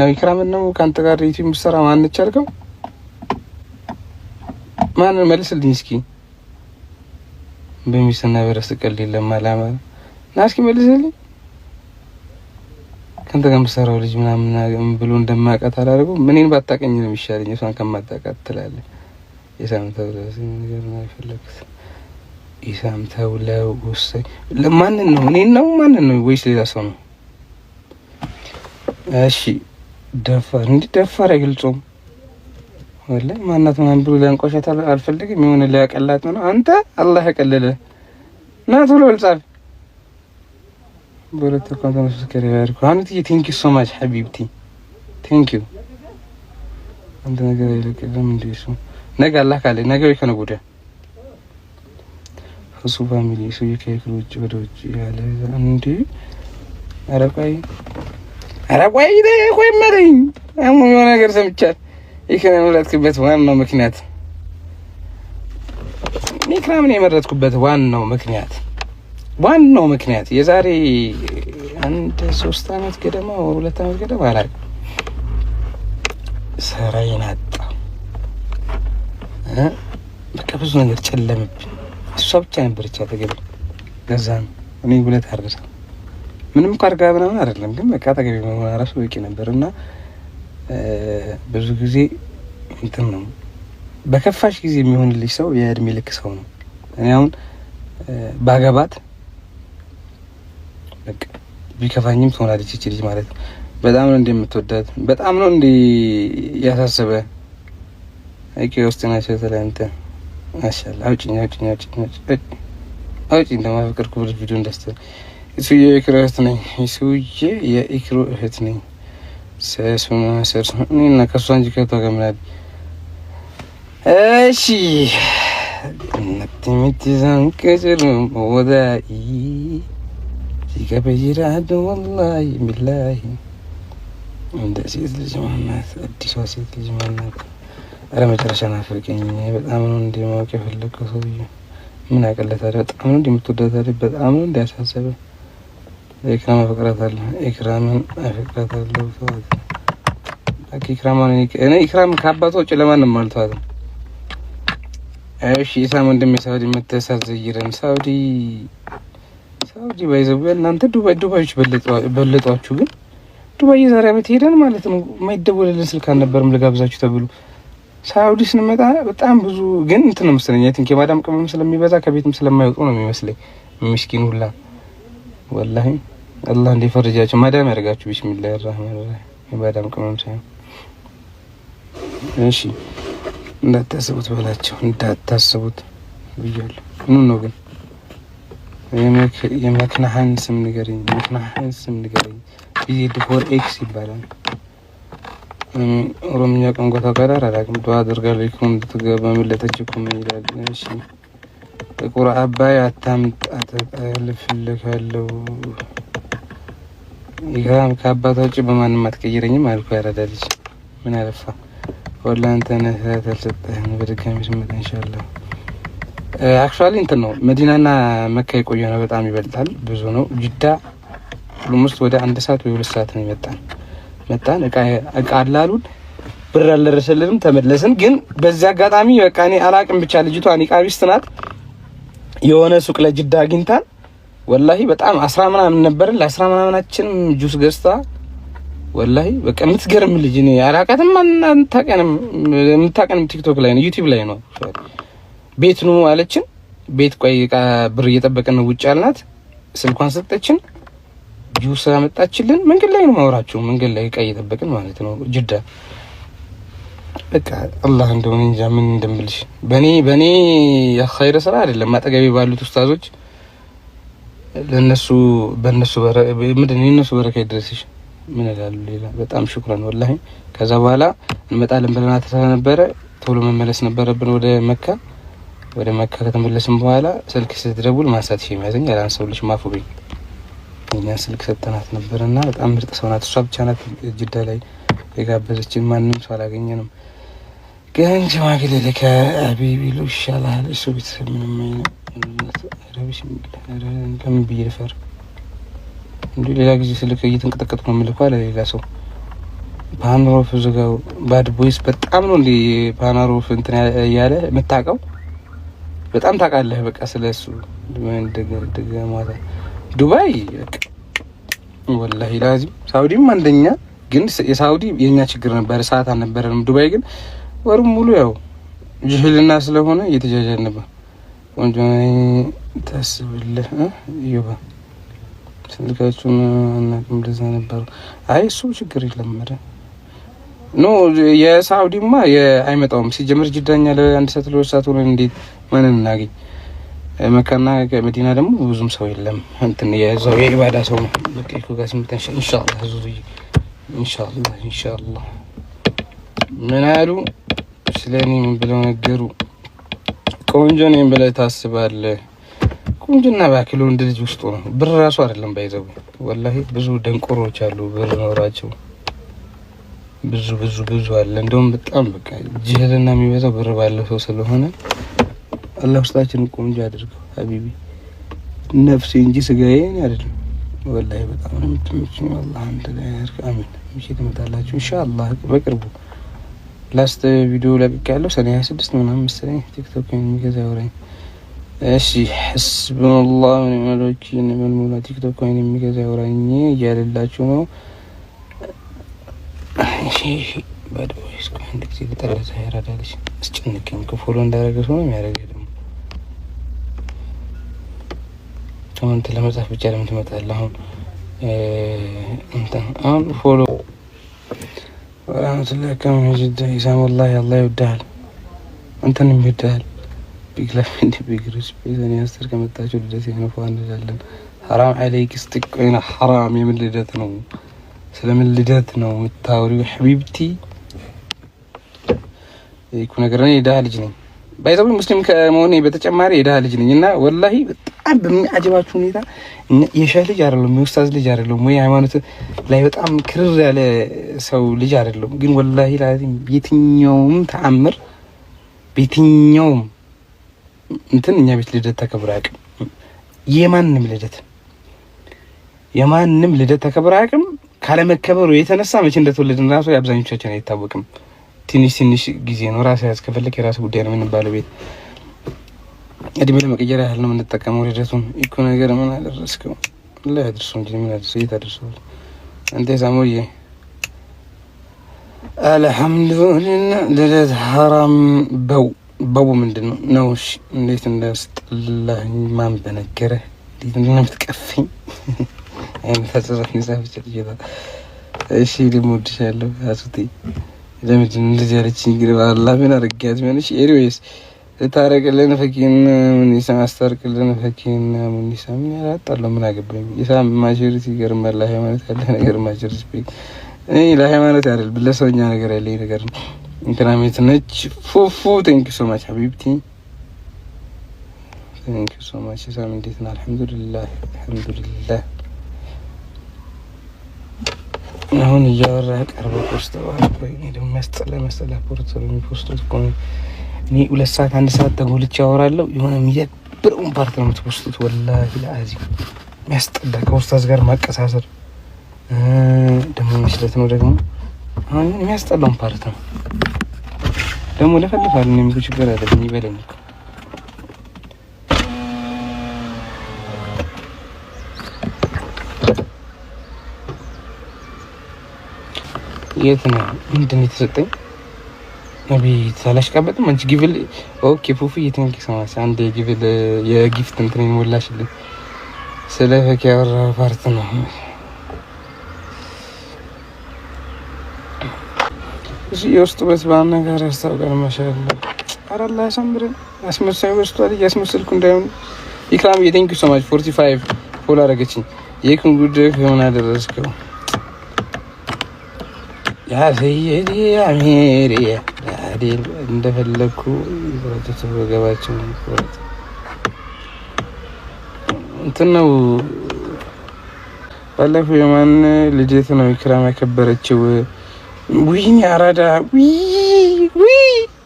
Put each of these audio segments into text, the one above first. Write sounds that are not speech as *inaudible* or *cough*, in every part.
ነው ኢክራምን ነው ከአንተ ጋር ዩቲዩብ ብትሰራ ማነች አልከው? ማን መልስልኝ እስኪ። በሚስና በረስ ቀል የለም አላማ ና እስኪ መልስልኝ። ከአንተ ጋር የምትሰራው ልጅ ምናምን ብሎ እንደማውቃት አላደርገው ምንን ባታቀኝ ነው የሚሻለኝ እሷን ከማታውቃት ትላለህ። የሳምተው ነገር ነው የፈለግኩት። የሳምተው ለውሳይ ለማንን ነው እኔን ነው ማንን ነው ወይስ ሌላ ሰው ነው? እሺ ደፋር እንዲህ ደፋር አይገልጾም። ወላሂ ማናት ምናምን ብሎ ሊያንቋሻት አልፈልግም። የሆነ ሊያቀላት ነው አንተ አላህ ያቀለለ ና ቶሎ ልጻፍ በሁለት አካውንት መስከሪ ያርኩ አንተ ቲንክ ዩ ሶ ማች ሀቢብቲ ቲንክ ዩ አንተ ነገር አይለቅም። እንዴ እሱ ነገ አላህ ካለ ነገ ወይ ከነገ ወዲያ እሱ ፋሚሊ እሱ የከይክሎች ወደ ውጭ ያለ እንዴ አረቃይ ኧረ ቆይ ቆይ የሆነ ነገር ሰምቻል። የመረጥክበት ዋናው ምክንያት የመረጥኩበት ዋናው ምክንያት ዋናው ምክንያት የዛሬ አንድ ሶስት አመት ገደማ ሁለት አመት ገደማ አጣ በቃ ብዙ ነገር ጨለምብኝ። እሷ ብቻ ነበረች አጠገቤ። ለዛ ነው እኔ ውለታ አረሳም ምንም እኳ አድጋ ምናምን አይደለም፣ ግን በቃ ተገቢ መሆን ራሱ በቂ ነበር እና ብዙ ጊዜ እንትን ነው በከፋሽ ጊዜ የሚሆንልሽ ሰው የእድሜ ልክ ሰው ነው። እኔ አሁን ባገባት ቢከፋኝም ትሆናለች ይች ልጅ ማለት ነው። በጣም ነው እንደምትወዳት በጣም ነው እንደ ያሳስበ እቂ ውስጥ ናቸው ተለንተ ማሻላ አውጭኝ አውጭኝ አውጭኝ አውጭኝ እንደማፈቅርኩ ብር ቪዲዮ እንዳስተል እሱዬ የኢክራ እህት ነኝ። እሱዬ የኢክሩ እህት ነኝ። ሰሱማ ሰሱማ እኔና ከሷ እንጂ ከቷ ገምናል። እሺ ነጥምትዛን ከጀሩ ወዳይ ሲከበይራዶ ወላሂ ቢላሂ እንደ ሴት ልጅ ማናት? አዲሷ ሴት ልጅ ማናት? አረ መጨረሻ ናፈቀኝ። በጣም ነው እንደ ማወቅ የፈለግከው ሰውዬ ምን አቀለታለህ? በጣም ነው እንደምትወዳታለህ። በጣም ነው እንዲያሳሰበህ ኢክራም አፈቅራታለሁ። ኢክራምን አፈቅራታለሁ። ተዋት በቃ ኢክራማን እኔ ኢክራም ከአባቷ ውጭ ለማንም አልተዋትም። እሺ ኢሳም ወንድሜ ሳውዲ መተሳት ዘይረን ሳውዲ ሳውዲ ባይዘው እናንተ ዱባይ ዱባዮች በለጧችሁ። ግን ዱባይ የዛሬ አመት ሄደን ማለት ነው የማይደወልልን ስልክ አልነበርም ልጋብዛችሁ ተብሎ ሳውዲ ስንመጣ በጣም ብዙ ግን እንትን ነው መሰለኝ አይ ቲንክ የማዳም ቅመም ስለሚበዛ ከቤትም ስለማይወጡ ነው የሚመስለኝ ምስኪን ሁላ ወላሂ አላህ እንዲፈርጃቸው ማዳም ያደርጋችሁ። ቢስሚላህ ራህማን ራሂም የማዳም ቅመም ሳይሆን እሺ፣ እንዳታስቡት በላቸው እንዳታስቡት ብያለሁ። ምን ነው ግን የመክናህን ስም ንገረኝ፣ መክናህን ስም ንገረኝ። ቢዜድ ፎር ኤክስ ይባላል። ኦሮምኛ ቋንቋ ተቀራር አላውቅም። ዱዓ አደርጋለሁ ይኩን ልትገባ መለጠች ይኩን ይላል። እሺ ጥቁር አባይ አታምጣት እልፍልካለሁ። ይህም ከአባቷ ውጭ በማንም አትቀይረኝም አልኩ። ያረዳ ልጅ ምን አለፋ ወላንተ ነህት አልሰጠህም። በድጋሚ ስመጣ እንሻለሁ። አክቹዋሊ እንትን ነው መዲናና መካ የቆየ ነው። በጣም ይበልጣል፣ ብዙ ነው። ጅዳ ውስጥ ወደ አንድ ሰዓት ወይ ሁለት ሰዓት ነው ይመጣል። መጣን እቃ አላሉን፣ ብር አልደረሰልንም፣ ተመለስን። ግን በዚህ አጋጣሚ በቃ እኔ አላቅም ብቻ ልጅቷ ኒቃቢስት ናት። የሆነ ሱቅ ለጅዳ አግኝታን ወላሂ በጣም አስራ ምናምን ነበርን። ለአስራ ምናምናችን ጁስ ገዝታ ወላሂ በቃ የምትገርም ልጅ እኔ አላውቃትም። የምታቀንም ቲክቶክ ላይ ነው ዩቲብ ላይ ነው። ቤት ኑ አለችን። ቤት ቆይ ብር እየጠበቅን ውጭ አልናት። ስልኳን ሰጠችን። ጁስ አመጣችልን። መንገድ ላይ ነው ማውራችሁ፣ መንገድ ላይ እቃ እየጠበቅን ማለት ነው ጅዳ በቃ አላህ እንደሆነ እንጃ ምን እንደምልሽ። በኔ በኔ የኸይር ስራ አይደለም አጠገቤ ባሉት ኡስታዞች ለነሱ በነሱ ምንድን የነሱ በረካ ይድረስሽ። ምን እላለሁ ሌላ። በጣም ሽኩረን ወላሂ። ከዛ በኋላ እንመጣለን ብለና ስለነበረ ቶሎ መመለስ ነበረብን ወደ መካ። ወደ መካ ከተመለስን በኋላ ስልክ ስትደውል ማንሳት ሽ የሚያዘኝ ልጅ ማፉብኝ እኛ ስልክ ሰጠናት ነበርና በጣም ምርጥ ሰው ናት። እሷ ብቻ ናት ጅዳ ላይ የጋበዘችን። ማንም ሰው አላገኘንም። ግን ሽማግሌ ልከ አቢይ ይሻላል። እሱ ቤተሰብ ምንም ለምን ብዬ ልፈር? እንዲ ሌላ ጊዜ ስልክ እየተንቀጠቀጥ ነው የምልኩ አለ ሌላ ሰው ፓናሮፍ ዝጋው። ባድ ቦይስ በጣም ነው እንዲ ፓናሮፍ እንትን እያለ የምታውቀው በጣም ታውቃለህ። በቃ ስለ እሱ ደገ ማታ ዱባይ ወላሂ ላዚም ሳውዲም አንደኛ። ግን የሳውዲ የእኛ ችግር ነበር፣ ሰዓት አልነበረንም። ዱባይ ግን ወር ሙሉ ያው ጅህልና ስለሆነ እየተጃጃንበ ቆንጆ ታስብልህ እዩባ ስልካችሁን አናውቅም። እንደዛ ነበር። አይ እሱ ችግር የለም። ኖ የሳውዲማ አይመጣውም። ሲጀምር ጅዳኛ ለአንድ ሰዓት ለሁለት ሰዓት ሆነ። እንዴት ማን እናገኝ? መካና መዲና ደግሞ ብዙም ሰው የለም። እንትን የዛው የኢባዳ ሰው ነው። በቀይኩ ጋር ስምተን ኢንሻአላህ ኢንሻአላህ ኢንሻአላህ ምን አሉ ስለኔ ምን ብለው ነገሩ? ቆንጆ ነኝ ብለህ ታስባለህ? ቁንጅና ባክሎ እንደ ልጅ ውስጡ ነው። ብር ራሱ አይደለም ባይዘው ወላሂ ብዙ ደንቆሮች አሉ። ብር ኖራቸው ብዙ ብዙ ብዙ አለ። እንደውም በጣም በቃ ጅህልና የሚበዛው ብር ባለው ሰው ስለሆነ አላህ ውስጣችን ቆንጆ አድርገው ሀቢቢ ነፍሴ እንጂ ስጋዬ አይደለም። ወላሂ በጣም ነው የምትመችኝ። አላህ አንተ ጋር አሚን። ምሽት ትመጣላችሁ ኢንሻአላህ በቅርቡ ላስት ቪዲዮ ለቅቅ ያለው ሰኔ 26 ምናምን መሰለኝ። ቲክቶክ የሚገዛ ወራኝ። እሺ ሐስቡናላህ ወኒዕመል ወኪል መልሙላ ቲክቶክ ወይን የሚገዛ ወራኝ እያለላችሁ ነው። እሺ ባድቦይስ አንድ ጊዜ ልጠረዘ ያራዳለች አስጨንቅኝ። ከፎሎ እንዳደረገ ነው የሚያደረገ ደግሞ ኮመንት ለመጻፍ ብቻ ለምን ትመጣለህ? አሁን አሁን ፎሎ ورحمة الله كم جدا إسام والله الله يودهل أنت نم يودهل بيقلب مني *laughs* بيقرش بإذن ياسر كم التاجر دسي أنا فوان نجالن حرام عليك استك وين حرام يا من لجاتنا سلام لدات نو التاوري وحبيبتي يكون إيه، قراني ده جنين ባይዘው ሙስሊም ከመሆኔ በተጨማሪ የድሃ ልጅ ነኝ እና ወላሂ በጣም በሚያጅባችሁ ሁኔታ የሸህ ልጅ አይደለም፣ የኡስታዝ ልጅ አይደለም፣ ወይ ሃይማኖት ላይ በጣም ክርር ያለ ሰው ልጅ አይደለም። ግን ወላሂ ላዚም የትኛውም ተአምር በየትኛውም እንትን እኛ ቤት ልደት ተከብሮ አያውቅም። የማንም ልደት የማንም ልደት ተከብሮ አያውቅም። ካለመከበሩ የተነሳ መቼ እንደተወለድን ራሱ የአብዛኞቻችን አይታወቅም። ትንሽ ትንሽ ጊዜ ነው። ራስ ያዝ ከፈለግ የራስ ጉዳይ ነው የምንባለው። ቤት እድሜ ለመቀየር ያህል ነው የምንጠቀመው። ልደቱን እኮ ነገር ምን አደረስከው? ላይ አድርሶ እንጂ ምን አድርሶ የት አድርሶ እንዴ ሳሙዬ አልሐምዱሊላ ልደት ሀራም በው በው ምንድን ነው ነው? እሺ እንዴት እንዳስጠላኝ ማን በነገረ እንዴት እንደምትቀፈኝ አይነት አጻጻፍ ነው ጻፍቼ ልጅታ። እሺ ልሞድሻለሁ አሱቴ ለምንድን እንደዚህ ያለችኝ? እንግዲህ አላህ ምን አድርጊያት ቢሆንሽ። ኤኒዌይስ ልታረቅልን ፈኪን ሙኒሳ አስታርቅልን ፈኪን ሙኒሳ ምን ያላጣለ ምን አገባኝ። ይሳ ማጆሪቲ ይገርማል። ለሃይማኖት ያለ ነገር ማጆሪቲ ስፒክ እኔ ለሃይማኖት አይደል ብለሰውኛ ነገር ያለ ነገር እንትናሜት ነች። ፉፉ ቴንክ ሶ ማች ሀቢብቲ ቴንክ ሶ ማች ኢሳም እንዴት ነው? አልሐምዱሊላህ አልሐምዱሊላህ እያወራ ቀርበ ፖስት ደግሞ ያስጠላ ያስጠላ ፖርት የሚፖስቱት እኮ እኔ ሁለት ሰዓት አንድ ሰዓት ተጎልቼ ያወራለሁ። የሆነ የሚደብረውን ፓርት ነው የምትፖስቱት። ወላሂ ለአዚ የሚያስጠላ ከውስታዝ ጋር ማቀሳሰር ደግሞ መስለት ነው ደግሞ አሁን የሚያስጠላውን ፓርት ነው ደግሞ ለፈልፋል። እኔም ችግር አይደለም ይበለኝ የት ነው? ምንድን ነው የተሰጠኝ? ቤት አላሽቃበጥም። አንቺ ጊቭል ኦኬ። ፉፉ የትንኪ ሰማሽ። አንድ የጊፍል የጊፍት እንትን ሞላሽልኝ። ስለ ፈኪ ያወራ ፓርት ነው። እሺ የውስጥ በት በአነጋር ያስታውቃል። ማሻአላ አራላ ያሳምረን። አስመሳይ በስቷል። እያስመሰልኩ እንዳይሆን ኢክራም የቴንኪ ሶማች ፎርቲ ፋይቭ ፎል አረገችኝ። የክንጉድ ምን አደረስከው? ያፍየል አሜሪ ያዴል እንደፈለግኩ ይቆረጡት እንትን ነው። ባለፈው የማን ልጅት ነው ኢክራም ያከበረችው? ወይኔ አራዳ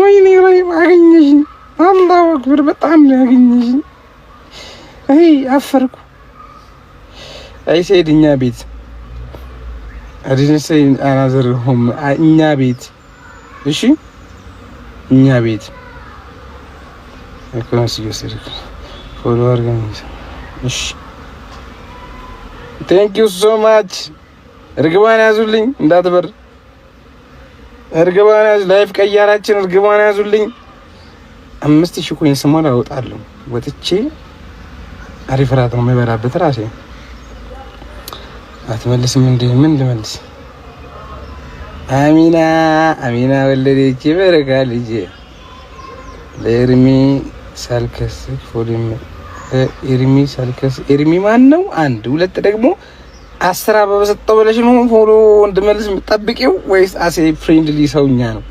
ወይኔ ራይም አገኘሽኝ። አላሁ አክበር በጣም ነው ያገኘሽኝ። አይ አፈርኩ። ቤት አዲነሰይ አናዘር ሆም እኛ ቤት እሺ፣ እኛ ቤት እኮንስ ይወሰድክ ፎሎወር ግን እሺ፣ ቴንክ ዩ ሶ ማች። እርግቧን ያዙልኝ እንዳትበር። እርግቧን ያዙ፣ ላይፍ ቀያራችን እርግቧን ያዙልኝ። አምስት ሺህ ኮይን ስሟን አወጣለሁ። ወጥቼ አሪፍ እራት ነው የምበላበት ራሴ አትመልስም እንዴ? ምን ልመልስ? አሚና አሚና ወለደች በረካ ልጅ ለእርሚ ሳልከስ ፎሊም እርሚ ሳልከስ እርሚ ማን ነው? አንድ ሁለት ደግሞ አስራ በሰጠው በለሽ ነው ፎሎ እንድመልስ የምጠብቂው ወይስ አሴ ፍሬንድሊ ሰውኛ ነው?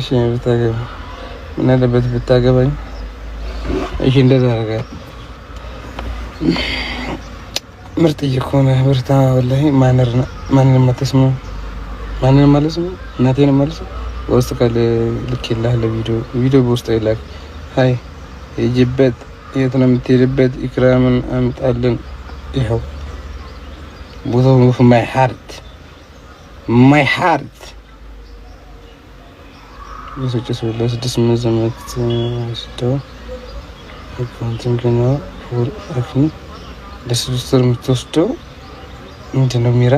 እሺ ብታገባ ምን አለበት ብታገባኝ? እሺ እንደዛ አደርጋለሁ። ምርጥ እየኮነ ብርታ ወላሂ ማነር ነው። ማንንም አትስሙ፣ ማንንም አልስሙ። እናቴን መልስ በውስጥ ቃል ልኬልሃል። ለቪዲዮ ቪዲዮ በውስጥ አይላክ። ሀይ የጅበት የት ነው የምትሄድበት? ኢክራምን አምጣልን። ይኸው ቦታው ነው። ማይ ሃርት ማይ ሃርት የሶጭ ሰው ለስድስት ምዘመት ስደው አካውንትን ገና ወር አክኒ ለስድስት ወር የምትወስደው ምንድን ነው ሚራ?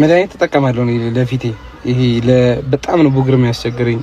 መድኃኒት ተጠቀማለሁ ለፊቴ። ይሄ በጣም ነው ቡግር የሚያስቸግረኝ።